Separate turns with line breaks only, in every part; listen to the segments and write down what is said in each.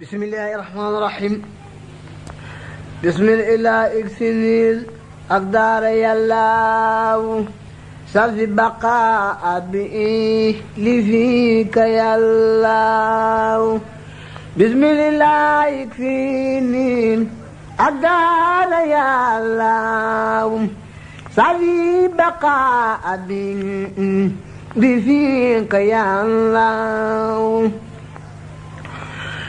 بسم الله الرحمن الرحيم بسم الله اكسنيل أقدار يلاو سلف بقاء بإيه لفيك يلاو بسم الله اكسنيل أقدار يلاو سلف بقاء بإيه لفيك يلاو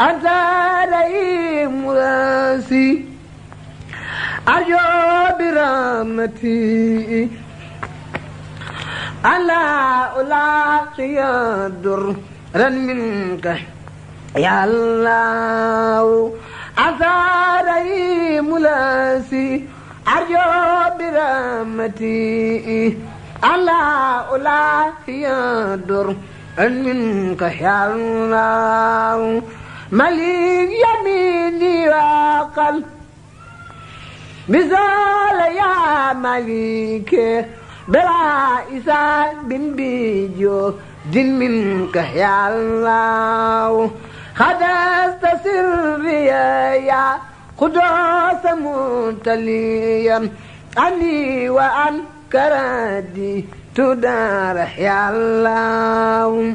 أزاري مراسي أرجو برامتي ألا ألاقي درا منك يا الله أزاري ملاسي أرجو برامتي ألا ألاقي درا منك يا الله مليك يميني وقل بزال يا مليك بلا إسان بن بيجو دين منك يا الله خدست سري يا قدوس متليا أني وأن كردي تدار يا الله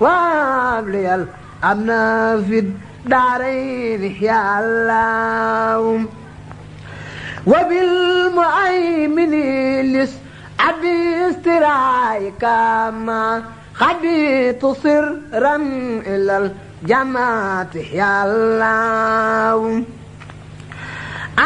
وابليال أمنا في الدارين يا الله وبالمؤمن لس أبي استرايك ما خبيت سرا إلى الجماعة يا الله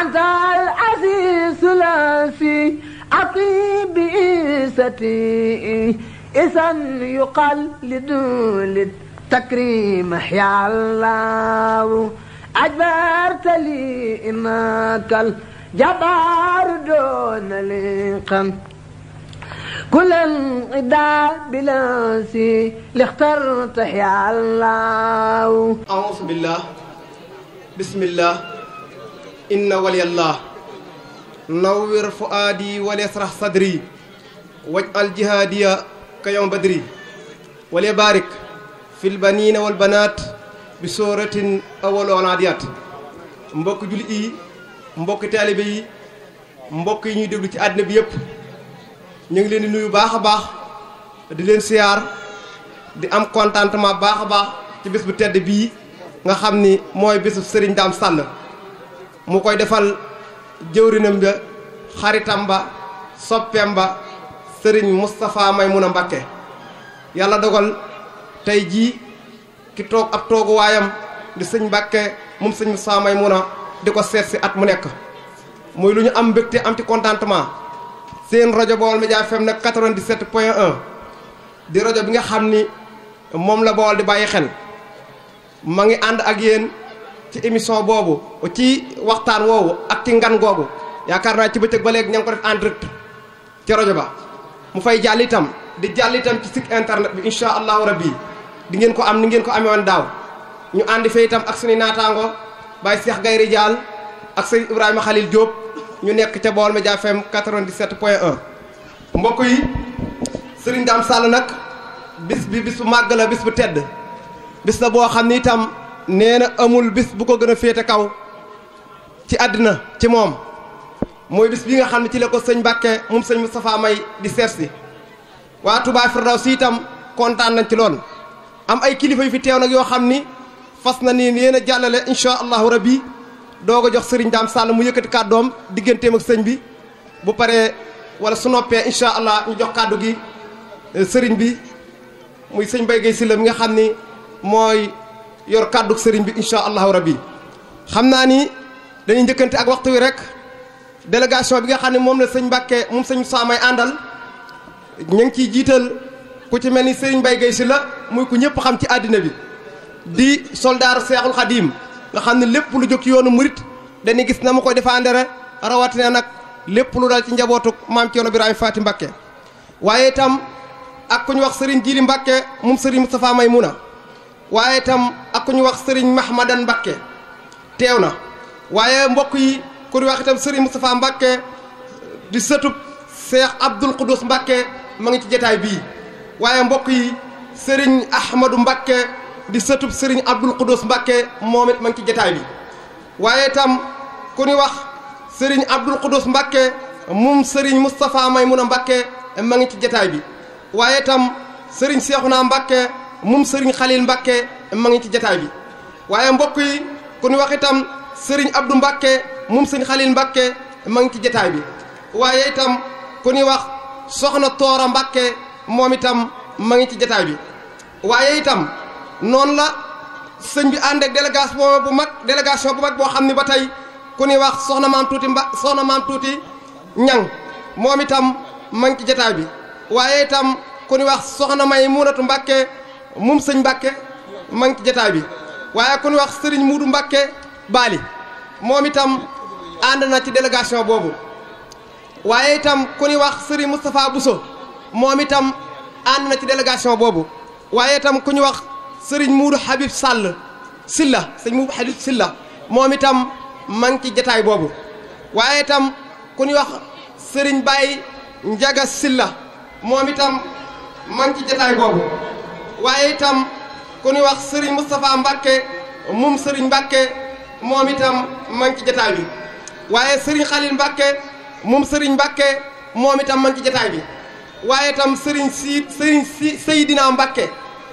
أنت العزيز لا في أطيب إيستي إذا يقال لدول التكريم يا الله أجبرت لي إنك الجبار دون لقم كل الإداء بلاسي اللي اخترت يا الله
أعوذ بالله بسم الله إن ولي الله نور فؤادي وليسرح صدري واجعل جهادي ka yawm badri wala barik fil banina wal banaat bi sooratin awal anaadiyaat mbokk jullit yi mbokk taalibe yi mbokk yi ñuy déglu ci àddina bi yëpp ñu ngi leen di nuyu baax a baax di leen siyaar di am contentement baax a baax ci bés bu tedd bii nga xam ni mooy bésu Serigne Dame Sall mu koy defal jëwrinam ba xaritam ba soppeem ba sëriñ mun a Mbàkke yàlla dogal tey jii ki toog ab tooguwaayam di sëñ Mbàkke moom sëñ may Moustapha a di ko seet si at mu nekk muy lu ñu am mbégte am ci contentement seen rajo Baol Média FM nag 97 point 1 di rajo bi nga xam ni moom la Baol di bàyyi xel ma ngi ànd ak yéen ci émission boobu ci waxtaan woowu ak ci ngan googu yaakaar naa ci bëccëg ba léegi ña ngi ko def en direct ci rajo ba mu fay jàll itam di jàll itam ci site internet bi incha allahu rabbi di ngeen ko am ni ngeen ko amee daaw ñu àndi fee tam ak suñu naataango Baye Cheikh Gayri Diall ak sëñ Ibrahima Khalil Diop ñu nekk ca Baol Média FM 97 point 1. mbokk yi Serigne Dame Sall nag bis bi bis bu màgg la bis bu tedd bis la boo xam ni itam nee na amul bis bu ko gën a féete kaw ci àddina ci moom. mooy bis bi nga xam ne ci la ko sëñ Mbàkke moom sëñ Moustapha may di seet si waa Touba Firdaws itam kontaan nañ ci loon am ay kilifa yu fi teew nag yoo xam ni fas na ni yéen a jàllale incha allahu rabbi doo ko jox sëriñ Dame Sall mu yëkkati kàddoom digganteem ak sëñ bi bu pare wala su noppee incha allah ñu jox kàddu gi euh, sëriñ bi muy sëñ Mbaye si la mi nga xam ni mooy yor kàddu sëriñ bi incha allahu rabbi xam naa ni dañuy njëkkante ak waxtu wi rek. délégation bi nga xam ne moom la sëñ Mbàkke moom sëñ saamay àndal ñu ngi ciy jiital ku ci mel ni sëriñ Mbay Gay Si la muy ku ñëpp xam ci àddina bi di soldaar Seexul Xadiim nga xam ne lépp lu jóg ci yoonu murit dañuy gis na mu koy défendre rawatina nag lépp lu dal ci njabootu maam Ceerno Birahim Faati Mbàkke waaye itam ak ku ñu wax sëriñ Jili Mbàkke moom sëriñ mu na waaye itam ak ku wax sëriñ Mahmadan Mbàkke teew na waaye mbokk yi ku di wax itam Serigne Moustapha Mbacke di sëtub Cheikh Abdoul Khoudous Mbacke ma ngi ci jataay bi waaye mbokk yi Serigne Ahmadou mbakke di sëtub Serigne Abdoul Khoudous Mbacke moom it ma ngi ci jataay bi waaye itam ku ni wax Serigne Abdoul Khoudous Mbacke moom Serigne Moustapha Maymouna Mbacke ma ngi ci jataay bi waaye itam Serigne Cheikhouna Mbacke moom Serigne Khalil Mbacke ma ngi ci jataay bi waaye mbokk yi ku ni wax sëriñ Abdou Mbacke moom sëñ Xalil Mbacke ma ci jataay bi waaye itam ku ñuy wax soxna Toora Mbacke moom itam ma ngi ci jataay bi waaye itam noonu la sëñ bi ànd ak délégation bu mag délégation bu mag boo xam ne ba tey ku ñuy wax soxna maam tuuti mba soxna maam tuuti ñang moom itam ma ngi ci jataay bi waaye itam ku ñuy wax soxna may muunatu Mbacke moom sëñ Mbacke ma ngi ci jataay bi waaye ku ñuy wax sëriñ Muudu Mbacke Bali moom itam ànd na ci délégation boobu waaye itam ku ñuy wax Serigne Moustapha Bousso moom itam ànd na ci délégation boobu waaye itam ku ñuy wax Serigne Moudou Habib Sall Silla Serigne Moudou Habib Silla moom itam ma ngi ci jataay boobu waaye itam ku ñuy wax Serigne Baye Ndiaga Silla moom itam ma ngi ci jataay boobu waaye itam ku ñuy wax Serigne Moustapha Mbacke moom Serigne Mbacke. moom itam ma ngi ci jataay bi waaye Serigne Khalil Mbacke moom Serigne Mbacke moom itam ma ngi ci jataay bi waaye itam Serigne si Serigne si Seydina Mbacke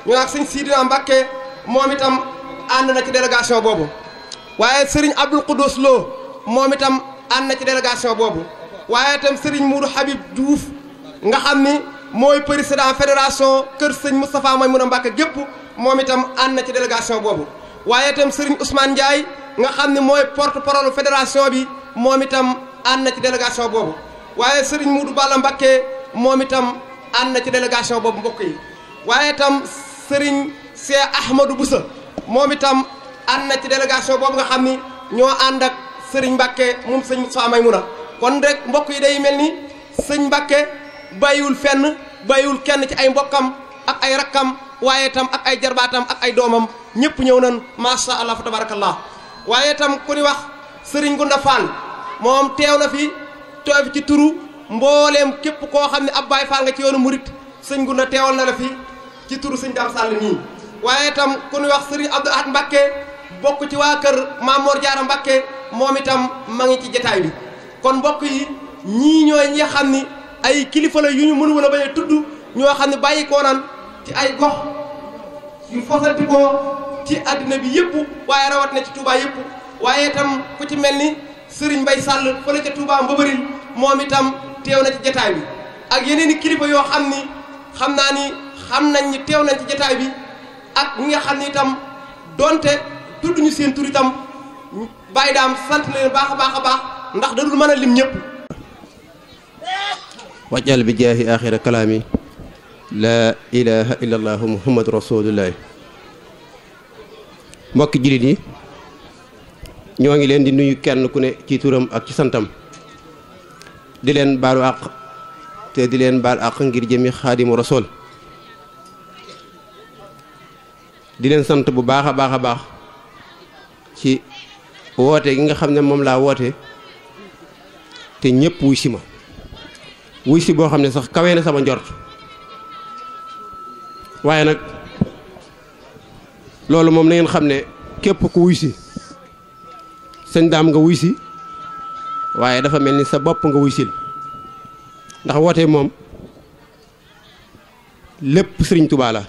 ñu naan Serigne Seydina Mbacke moom itam ànd na ci délégation boobu waaye Serigne Abdoul Khoudous Lo moom itam ànd na ci délégation boobu waaye itam Serigne Moudou Habib Diouf nga xam ni mooy président fédération Kër Sëñ Moustapha Maymuna Mbacke gépp moom itam ànd na ci délégation boobu waaye itam Serigne Ousmane Ndiaye. nga xam ne mooy porte parole fédération bi moom itam ànd na ci délégation boobu waaye Serigne Moudou Balla Mbacké moom itam ànd na ci délégation boobu mbokk yi waaye itam sëriñ Cheikh Ahmadou Boussa moom itam ànd na ci délégation boobu nga xam ni ñoo ànd ak Serigne Mbacké moom sëñ Moustapha Maymouna kon rek mbokk yi day mel ni sëñ Mbacké bàyyiwul fenn bàyyiwul kenn ci ay mbokkam ak ay rakkam waaye itam ak ay jarbaatam ak ay doomam ñëpp ñëw nañ macha allah fa tabarakallah waaye itam ku ni wax sëriñ Gunda Fall moom teew na fi teew fi ci turu mbooleem képp koo xam ne ab Baay Faal nga ci yoonu murit sëñ Gunda teewal na la fi ci turu sëñ Dam Sall nii waaye itam ku ni wax sëriñ Abdou Ahad Mbakke bokk ci waa kër Mamor Diarra Mbakke moom itam ma ngi ci jataay bi kon mbokk yi ñii ñooy ñi xam ni ay kilifa la yu ñu mënu woon a bañ tudd ñoo xam ne bàyyi koo naan ci ay gox yu fosanti ko ci àddina bi yëpp waaye rawat na ci Touba yëpp waaye itam ku ci mel ni Serigne Mbaye Sall fële ca Touba Mbëbëril moom itam teew na ci jataay bi ak yeneen i kilifa yoo xam ni xam naa ni xam nañ ni teew nañ ci bi ak ñi nga itam donte tudd ñu seen tur itam bàyyi sant leen baax a baax ndax da mën a lim ñëpp.
wajal bi jaahi axira kalaami laa ilaaha illallah muhammad rasulullahi mbokki jullit yi ñoo ngi leen di nuyu kenn ku ne ci turam ak ci santam di leen baalu àq te di leen baal àq ngir jëmi xaadimu sol di leen sant bu baax a baax a baax ci woote ki nga xam ne moom laa woote te ñëpp wuy si ma wuy si boo xam ne sax kawe na sama njort waaye nag loolu moom na ngeen xam ne képp ku wuy si sëñ daam nga wuy si waaye dafa mel ni sa bopp nga wuy sil ndax woote moom lépp sëriñ tubaa la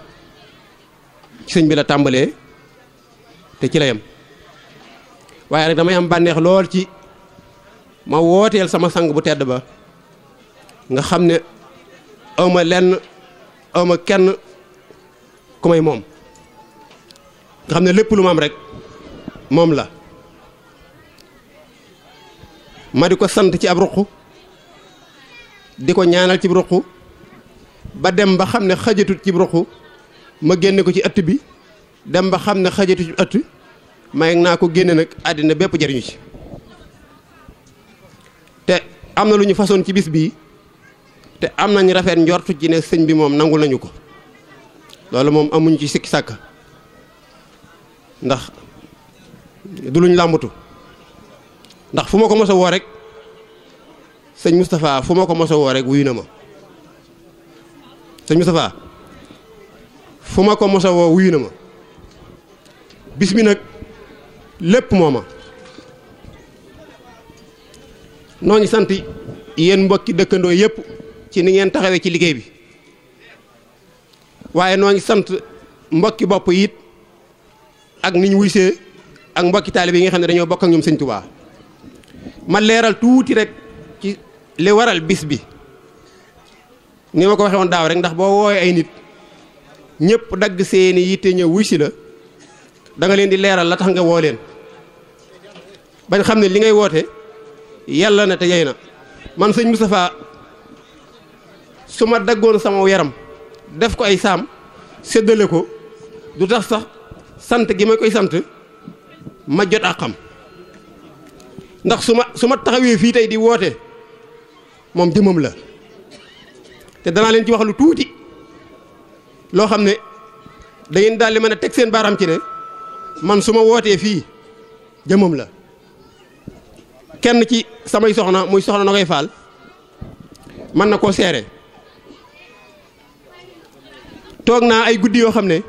ci sëñ bi la tàmbalee te ci la yem waaye nag damay am bànneex lool ci ma wooteel sama sang bu tedd ba nga xam ne awma lenn awma kenn ku may moom nga xam ne lépp lu ma am rek moom la ma di ko sant ci ab ruq di ko ñaanal ci ruq ba dem ba xam ne xajatut ci ruq ma génne ko ci ëtt bi dem ba xam ne xajatut ci ëtt may naa ko génne nag àddina bépp jariñu ci te am na lu ñu façon ci bis bii te am nañ rafet njortu ci ne sëñ bi moom nangu nañu ko loolu moom amuñu ci sikki sàkk ndax du luñ làmbatu ndax fu ma ko mos a woo rek sëñ mustafaa fu ma ko mos a woo rek wuyu na ma sëñ Moustapha fu ma ko mos a na ma bis bi nag lépp mooma ma ngi sant yéen mbokki dëkkandoo yëpp ci ni ngeen taxawee ci liggéey bi waaye noo ngi sant mbokki bopp yi ak ni ñu wuysee ak mbokki taalibe yi nga xam ne dañoo bokk ak ñoom sëñ Tuubaa ma leeral tuuti rek ci li waral bis bi ni ma ko waxee daaw rek ndax boo woowee ay nit ñëpp dagg seeni yitte ñëw wuy si la danga leen di leeral la tax nga woo leen bañ xam ne li ngay woote yàlla na te yey na man sëñ Moustapha su ma daggoon sama yaram def ko ay saam séddale ko du tax sax sant gi ma koy sant ma jot a xam ndax su ma su ma taxawee fii tey di woote moom jëmmam la te danaa leen ci wax lu tuuti loo xam ne dangeen ngeen daal di mën a teg seen baaraam ci ne man su ma wootee fii jëmmam la kenn ci samay soxna muy soxna na koy faal mën na koo seere toog naa ay guddi yoo xam ne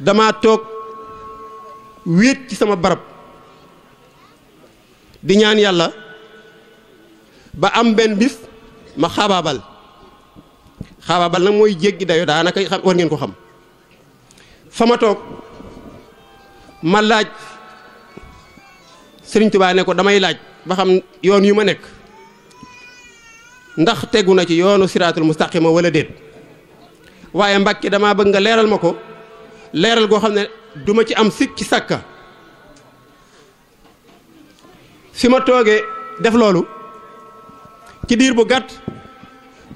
dama toog wéet ci sama barab di ñaan yàlla ba am benn bis ma xaabaabal xaabaabal na mooy jéggi dayo daanaka xam war ngeen ko xam fa ma toog ma laaj Sëriñ Tuubaa ne ko damay laaj ba xam yoon yu ma nekk ndax tegu na ci yoonu siraatul mustaqima wala déet waaye Mbàkke damaa bëgg nga leeral ma ko leeral goo xam ne duma ci am ci sàkka fi ma toogee def loolu ci diir bu gàtt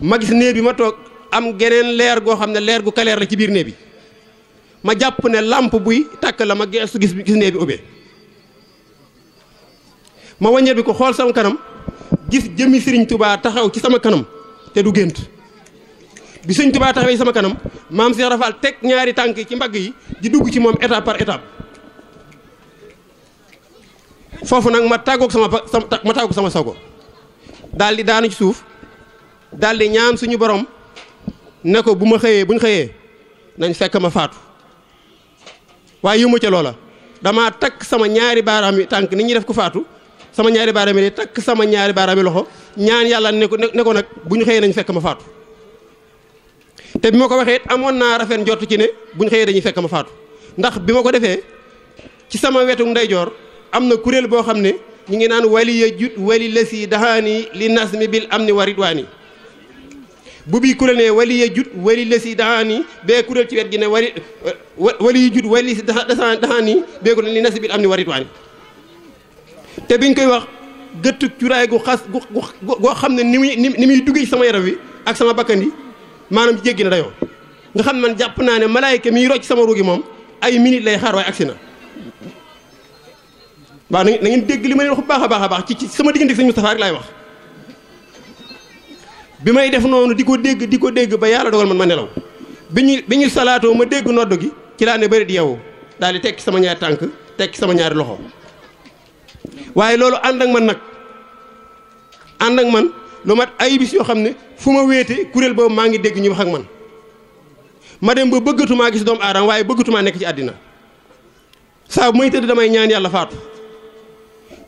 ma gis néeg bi ma toog am geneen leer goo xam ne leer gu kaleer la ci biir néeg bi ma jàpp ne làmp buy tàkk la ma geesu gis gis néeg bi ubbee ma wàññeeku ko xool sama kanam gis jëmmi siriñ Tubaa taxaw ci sama kanam te du gént bi sëñ Tuubaa taxawee sama kanam maam Cheikh Rafal teg ñaari tànk ci mbagg yi di dugg ci moom étape par étape foofu nag ma tàggoog sama ma tàggoog sama sago daal di daanu ci suuf daldi ñaan suñu borom ne ko bu ma xëyee buñ xëyee nañ fekk ma faatu waaye yëmu ca loola damaa takk sama ñaari baaraam yi tànk ni ñuy def ko faatu sama ñaari baaraam yi takk sama ñaari baaraam yi loxo ñaan yàlla ne ko ne ko nag bu ñu xëyee nañ fekk ma faatu. te bi ma ko waxee it amoon naa rafet njort ci ne buñ xëyee dañuy fekk ma faatu ndax bi ma ko defee ci sama wetu ndeyjoor am na kuréel boo xam ne ñu ngi naan wali ya jut wali la si dahaani li nas mi bil am ni wa ridwaani bu bii kuréel ne wali ya jut wali la si dahaani kuréel ci wet gi ne wali wali yu jut wali si dahaani bee kuréel li nas mi am ni wa ridwaani te biñ koy wax gëttu curaay gu xas gu goo xam ne ni muy ni muy duggee ci sama yaram wi ak sama bakkan yi maanaam jéggi na dayoo nga xam man jàpp naa ne malaayka miy rocc sama ruugi moom ay minute lay xaar waaye agsi na waaw na ngeen dégg li ma leen wax bu baax a baax a baax ci ci sama diggante sëñ Moustapha rek laay wax bi may def noonu di ko dégg di ko dégg ba yàlla dogal man ma nelaw bi ñu bi ñu salaatoo ma dégg nodd gi ci laa ne bëri di yow daal di tekki sama ñaari tànk tekki sama ñaari loxo waaye loolu ànd ak man nag ànd ak man lu mat ay bis yoo xam ne fu ma wéete kuréel boobu maa ngi dégg ñu wax ak man ma dem ba bëggatumaa gis doomu aadama waaye bëggatumaa nekk ci àddina saa bu may tëdd damay ñaan yàlla faatu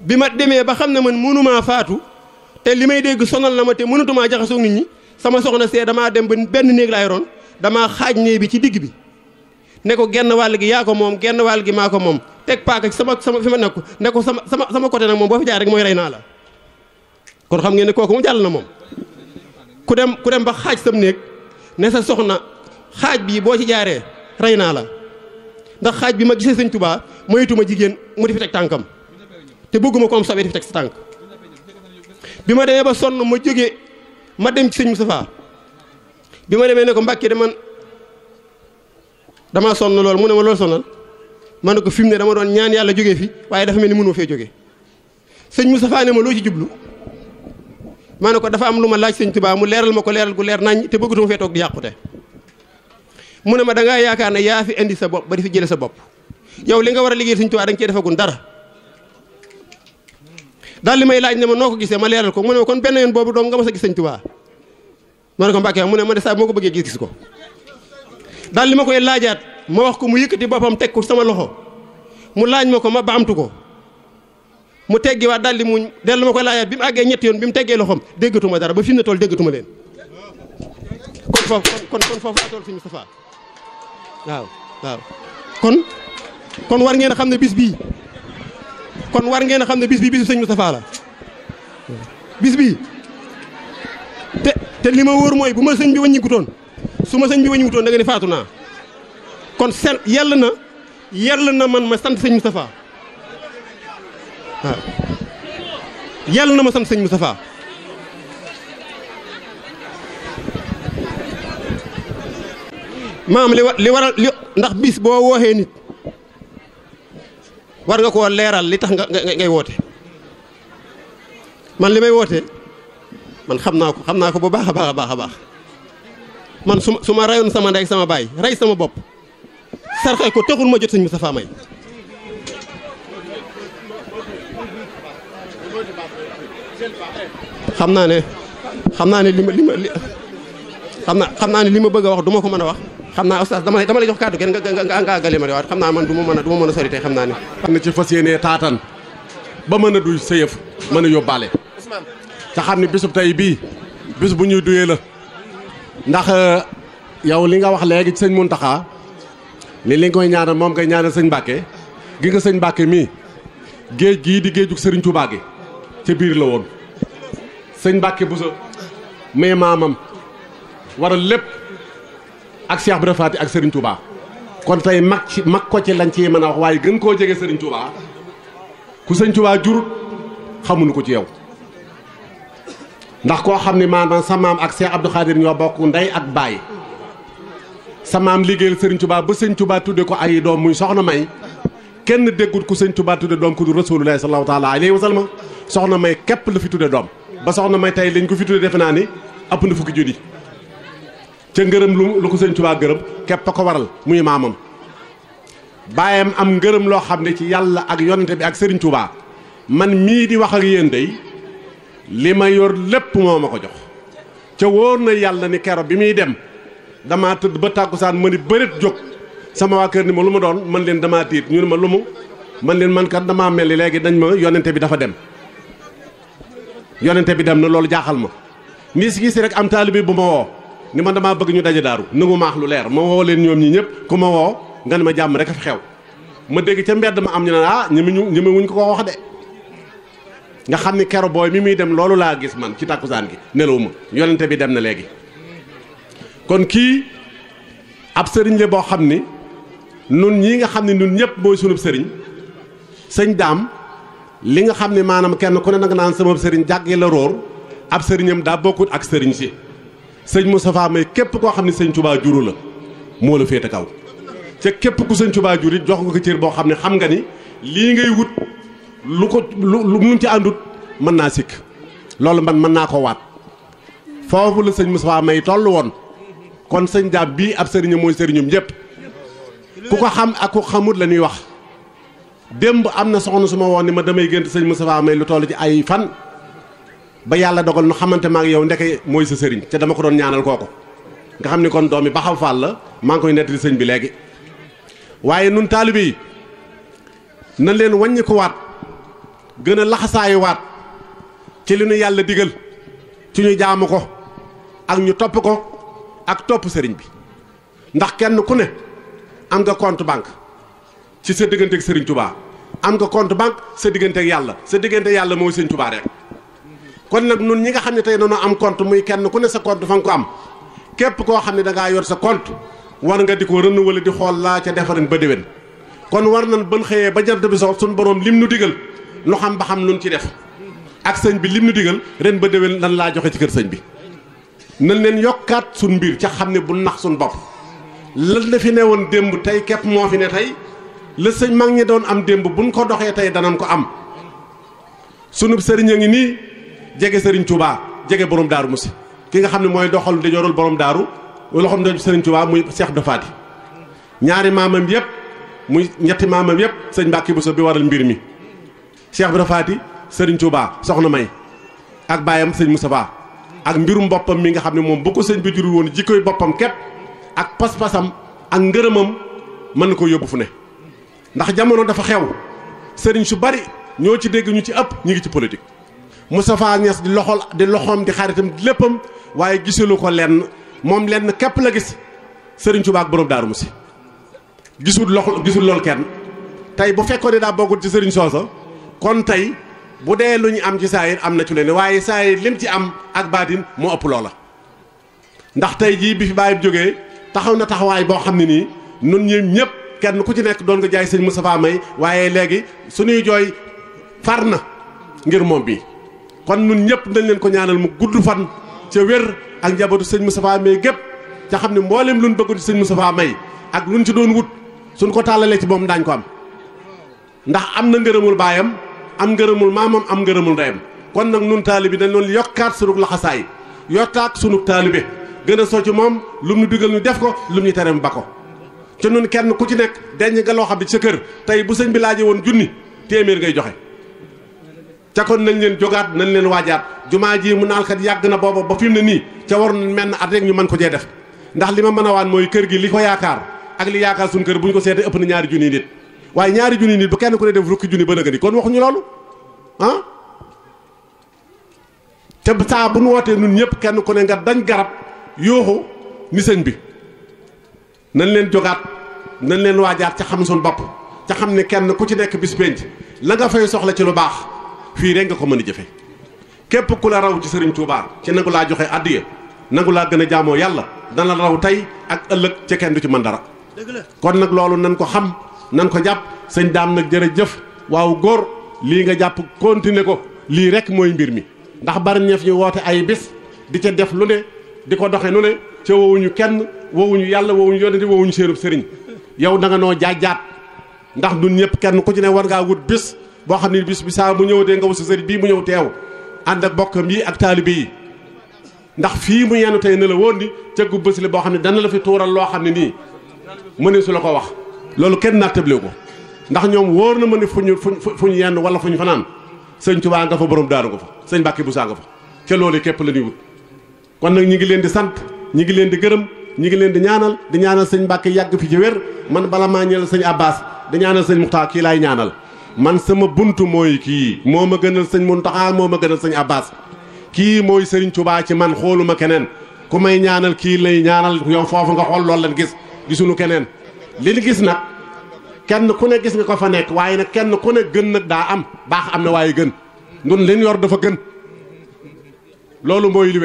bi ma demee ba xam ne man mënumaa faatu te li may dégg sonal na ma te mënatumaa jaxasoo nit ñi sama soxna see damaa dem ba benn néeg laa damaa xaaj néeg bi ci digg bi ne ko genn wàll gi yaa ko moom genn wàll gi maa ko moom teg paaka ci sama sama fi ma nekk ne sama sama sama côté nag moom boo mooy rey naa la kon xam ngeen ne kooku mu jàll na moom ku dem ku dem ba xaaj sam néeg ne sa soxna xaaj bi boo ci jaaree rey naa la ndax xaaj bi ma gisee sëñ tubaa moytuma jigéen mu di fi teg tànkam te bëgguma ko am di fi teg sa tànk bi ma demee ba sonn ma jóge ma dem ci sëñ Moustapha bi ma demee ne ko Mbàkke de man damaa sonn lool mu ne ma loolu sonnal ma ne ko fi mu ne dama doon ñaan yàlla jóge fi waaye dafa mel ni mënoo fee jóge sëñ Moustapha ne ma loo ci jublu maa ko dafa am lu ma laaj sëñ Tuubaa mu leeral ma ko leeral gu leer nañ te bëggatuma fee toog di yàqute mu ne ma da yaakaar ne yaa fi indi sa bopp ba di fi jële sa bopp yow li nga war a liggéey sëñ Tuubaa da nga cee defagun dara daal li may laaj ne ma noo ko gisee ma leeral ko mu ne ma kon benn yoon boobu doom nga mas a gis sëñ Tuubaa ma ne ko Mbàkke mu ne ma de saa moo ko bëggee gis ko daal li ma koy laajaat ma wax ko mu yëkkati boppam teg ko sama loxo mu laaj ma ko ma baamtu ko mu teggiwaat daal di muñ dellu ma ko laajaat bi mu àggee ñetti yoon bi mu teggee loxoom déggatuma dara ba fi mu ne toll déggatuma leen kon foofu kon kon foofu atool waaw waaw kon kon war ngeen a xam ne bis bii kon war ngeen a xam ne bis bii bisu sëñ Moustapha la bis bii te te li ma wóor mooy bu ma sëñ bi wàññikutoon su ma sëñ bi wàññikutoon da nga ne faatu naa kon sel yell na yell na man ma sant sëñ Moustapha waaw ah. yàlla na ma sant sëñ Moustapha maam li wa li waral li ndax bis boo wooxee nit war nga koo leeral li tax nga ngay woote man li may woote man xam naa ko xam naa ko bu baax a baax a baax a baax man su su ma reyoon sama ndey sama baay rey sama bopp sarxe ko taxul ma jot sëñ Moustapha May xam naa ne xam naa ne li ma xam naa xam naa ne ma bëgg a wax du ma ko mën a wax xam naa oustaz dama lay dama lay jox kàddu kenn nga nga nga àggale ma de waat
xam naa man du ma mën a du ma mën a sori tey xam naa ne. na ci fas yéenee taatan ba mën a duy sëyëf mën a yóbbaale. te xam ne bisub tey bii bis bu ñuy duyee la ndax euh, yow li nga wax léegi ci sëñ Muntaxa li li nga koy ñaanal moom ngay ñaanal sëñ Mbàkke gi nga sëñ Mbàkke mii géej gii di géejug sëriñ Tuubaa gi ci biir la woon. sëñ Mbàkke Buso mais maamam waral lépp ak Cheikh Ibra Faty ak sëriñ Touba kon tey mag ci mag ko ci lañ ci mën a wax waaye gën koo jege Serigne Touba ku Serigne Touba jurut xamuñu ko ci yow ndax koo xam ne maanaam sa maam ak Cheikh Abdou Khadir ñoo bokk ndey ak baay sa maam liggéeyal Serigne Touba ba Serigne Touba tudde ko ay doom muy soxna May kenn déggut ku Serigne Touba tudde doom ku du Rasulullah sallallahu taala alayhi wa soxna May képp la fi tudde doom ba soxna may tey lañ ko fi tuddee defe naa ni ëpp na fukki junni ca ngërëm lu lu ko sëñ Tuubaa gërëm képp a ko waral muy maamam baayam am ngërëm loo xam ne ci yàlla ak yonante bi ak sëriñ Tuubaa man mii di wax ak yéen day li ma yor lépp moo ma ko jox ca wóor na yàlla ni kero bi muy dem damaa tëdd ba tàkkusaan ma ni bëreet jóg sama waa kër ni ma lu ma doon mën leen damaa tiit ñu ne ma lu mu man leen man kat mel ni léegi dañ ma yonente bi dafa dem yonente bi dem na loolu jaaxal ma nii si gis rek am taalibe bu ma woo ni ma damaa bëgg ñu daje daaru nangu maax lu leer ma woo leen ñoom ñi ñëpp ku ma woo nga ne ma jàmm rek a fi xew ma dégg ca mbedd ma am ñu ne ah ñeme ko ko wax de nga xam ni kero booy mi muy dem loolu laa gis man ci tàkkusaan gi nelawuma yonente bi dem na léegi kon kii ab sëriñ la boo xam ni nun ñii nga xam ne nun ñëpp mooy sunub sëriñ sëñ daam li nga xam ne maanaam kenn ku ne nag naan sama sëriñ jàggee la róor ab sëriñam daa bokkut ak sëriñ si sëñ Moustapha may képp koo xam ne sëñ Touba juru la moo la féete kaw ca képp ku sëñ Touba jur it jox nga ko cër boo xam ne xam nga ni lii ngay wut lu ko mu ci àndut mën naa sikk loolu man mën naa ko waat foofu la sëñ Moustapha may toll woon kon sëñ Jaab bii ab sëriñam mooy sëriñum ñëpp ku ko xam ak ku xamut la ñuy wax démb am na soxna su ma woo ni ma damay génn sëñ Moustapha may lu toll ci ay fan ba yàlla dogal nu xamante maa ak yow ndeke mooy sa sëriñ te dama ko doon ñaanal kooko nga xam ni kon doom yi ba faal la maa ngi koy nettali sëñ bi léegi waaye nun taalibe yi na leen wàññi ko waat gën a laxasaayu waat ci li nu yàlla digal ci ñu jaamu ko ak ñu topp ko ak topp sëriñ bi ndax kenn ku ne am nga compte banque ci sa digganteeg Serigne Touba am nga compte banque sa digganteek yàlla sa diggante yàlla mooy Serigne Touba rek. kon nag nun ñi nga xam ne tey noonu am compte muy kenn ku ne sa compte fa nga ko am képp koo xam ne da ngaa yor sa compte war nga di ko renouveler di xool laa ca defarin ba déwén. kon war nañ bën xëyee ba jant bi so suñu borom lim nu digal lu xam ba xam nun ci def ak sëñ bi lim nu digal ren ba déwén lan laa joxe ci kër sëñ bi. nan leen yokkaat suñ mbir ca xam ne bu nax suñ bopp lan moo fi ne tey la sëñ mag ñi doon am démb buñ ko doxee tey danañ ko am sunub sëriñ a ngi nii jege sëriñ Touba jege borom daaru musi ki nga xam ne mooy doxal di jorul borom daaru loxoom doon sëriñ Touba muy Cheikh Dofaati ñaari maamam yëpp muy ñetti maamam yëpp sëñ Mbàkke Bousso bi waral mbir mi Cheikh Dofaati sëriñ Touba soxna May ak baayam sëñ Moustapha ak mbirum boppam mi nga xam ne moom bu ko sëñ bi jurul woon jikkoy boppam képp ak pas-pasam ak ngërëmam mën na ko yóbbu fu ne. ndax jamono dafa xew sëriñ su bari ñoo ci dégg ñu ci ëpp ñu ngi ci politique Moustapha Niass di loxol di loxoom di xaritam di léppam waaye gisulu ko lenn moom lenn képp la gis sëriñ Tuubaa ak borom Daaru Musi gisul loxo gisul loolu kenn tey bu fekkoon ne daa bokkul ci sëriñ soosa kon tey bu dee lu ñu am ci saa yi am na ci leneen waaye saa yi lim ci am ak baatin moo ëpp la ndax tey jii bi fi bàyyi jógee taxaw na taxawaay boo xam ne nii nun ñëpp. kenn ku ci nekk doon nga jaay sëñ Moustapha may waaye léegi suñuy jooy far na ngir moom bi kon nun ñëpp dañ leen ko ñaanal mu gudd fan ca wér ak njabootu sëñ Moustapha may gépp ca xam ne mboolem luñ bëgg di sëñ Moustapha may ak luñ ci doon wut suñ ko tàllalee ci moom daañ ko am ndax am na ngërëmul baayam am ngërëmul maamam am ngërëmul ndeyam kon nag nun taalibi dañ doon yokkaat sunu laxasaay yokkaat sunu taalibe gën a soo ci moom lu mu digal ñu ko lu mu ñu tere ba te nun kenn ku ci nekk denc nga loo xam ne ci sa kër tey bu sëñ bi laajee woon junni téeméer ngay joxe ca kon nañ leen jógaat nañ leen waajaat jumaa ji mu naal yàgg na booba ba fi mu ne nii ca war na menn at rek ñu mën ko cee def ndax li ma mën a waan mooy kër gi li ko yaakaar ak li yaakaar suñu kër bu ñu ko seetee ëpp na ñaari junni nit waaye ñaari junni nit bu kenn ko ne def rukki junni ba nëgë ni kon waxuñu loolu ah saa bu nu wootee nun ñëpp kenn ku ne dañ garab yooxu ni bi nañ leen jogaat nañ leen waajaat ca xam suñu bopp ca xam ne kenn ku ci nekk bis pénc la nga fay soxla ci lu baax fii rek nga ko mën a jëfe képp ku la raw ci sëriñ Touba ci nangu laa joxe addiya nangu laa gën a jaamoo yàlla dana la raw tey ak ëllëg ca kenn du ci mën dara kon nag loolu nan ko xam nan ko jàpp sëñ daam nag jëf waaw góor lii nga jàpp continuer ko lii rek mooy mbir mi ndax bari ñëf ñu woote ay bis di ca def lu ne di ko doxe nu ne ca wowuñu kenn wowuñu yàlla wowuñu yonente wowuñu séerub sëriñ yow da nga noo jaajaat ndax nun ñëpp kenn ku ci ne war ngaa wut bis boo xam ne bis bi saa bu ñëwatee nga wut sa sëriñ bii mu ñëw teew ànd ak bokkam yi ak taalibe yi ndax fii mu yenu tey ne la woon ni cëggu bés la boo xam ne dana la fi tuural loo xam ne nii mënee su la ko wax loolu kenn nattable ko ndax ñoom wóor na ma ne fu ñu fu ñu yenn wala fu ñu fanaan sëñ Tuubaa nga fa borom daaru nga fa sëñ Mbàkke Busaa nga fa ca loolu képp la ñuy kon nag ñi ngi leen di sant ñi ngi leen di gërëm ñi ngi leen di ñaanal di ñaanal sëñ Mbàkke yàgg fi ci wér man bala maa ñeel sëñ Abbas di ñaanal sëñ Muxtaar kii laay ñaanal man sama buntu mooy kii moo ma gënal sëñ Muntaxa moo ma gënal sëñ Abbas kii mooy sëriñ Tuubaa ci man xooluma keneen ku may ñaanal kii lay ñaanal yow foofu nga xool loolu lañ gis gisuñu keneen li ñu gis nag kenn ku ne gis nga ko fa nekk waaye nag kenn ku ne gën nag daa am baax am na waaye gën ndun liñ yor dafa gën loolu mooy li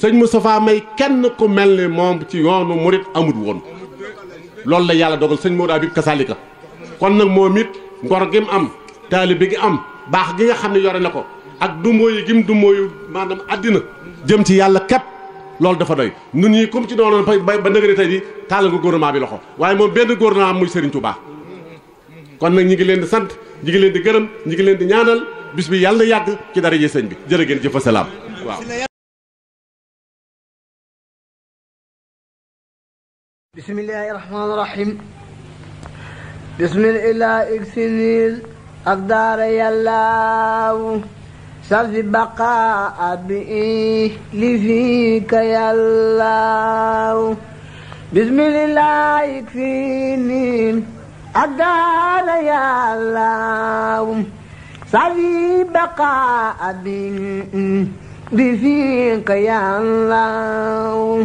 sëñ sofaa may kenn ku mel ni moom ci yoonu murit amut woon loolu la yàlla dogal sëñ moo Maodo Habib Kasalika kon nag moom it ngor gi mu am taalibe gi am baax gi nga xam ne yore na ko ak dumbooyu gim dumbooyu maanaam àddina jëm ci yàlla képp loolu dafa doy nun ñi comme ci doonoon ba ba nëgëri tey ji taalal nga gouvernement bi loxo waaye moom benn góor gouvernement muy Serigne baax kon nag ñi ngi leen di sant ñi ngi leen di gërëm ñi ngi leen di ñaanal bis bi yàlla yàgg
ci dara ji sëñ bi jërë ngeen jëfa بسم الله الرحمن الرحيم بسم الله اكسنيل أقدار يلاو سرز بقاء بإيه لفيك يلاو بسم الله يكفيني أقدار يلاو سرز بقاء بإيه لفيك يلاو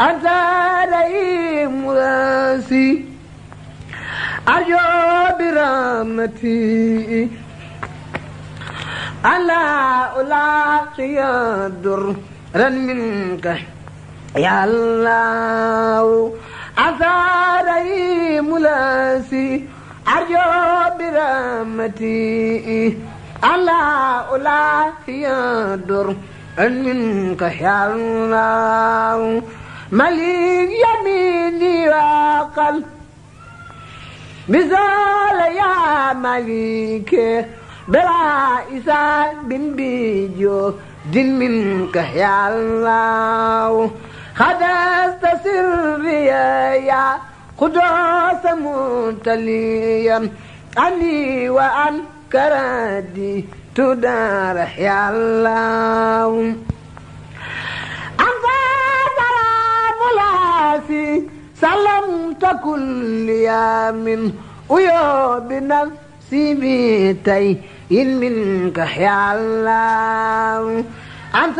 أنزاري مراسي أرجو برامتي ألا ألاقي درا منك يا الله أنزاري مراسي أرجو برامتي ألا ألاقي درا منك يا الله مليك يميني وقل مثال يا مليك بلا إسان بن بيجو دين منك يا الله خدست سري يا قدوس متليا أني وأن كردي تدار يا الله نفسي سلمت كل يوم ويا بنفسي بيتي إن منك يا الله أنت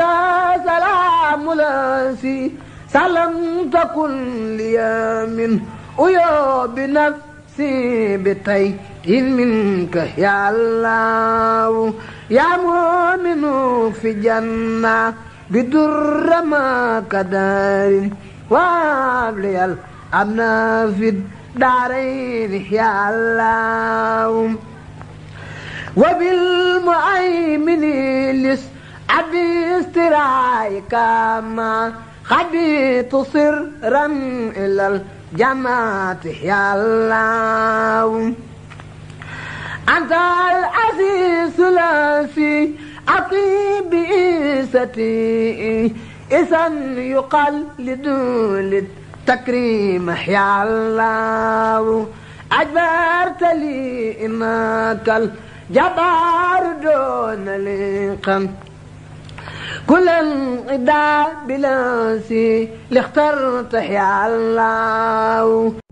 سلام لاسي سلمت كل يوم ويا بنفسي بيتي إن منك يا الله يا مؤمن في جنة بدر ما كدار وابليال أمنا في الدارين يا الله وبالمؤمن لس أبي استرايك ما خبيت سرا إلى الجماعة يا الله أنت العزيز لا في أطيب إيستي إذا يقال لدول التكريم يا الله أجبرت لي إنك الجبار دون لقم كل انقضاء بلا سي لاخترت يا الله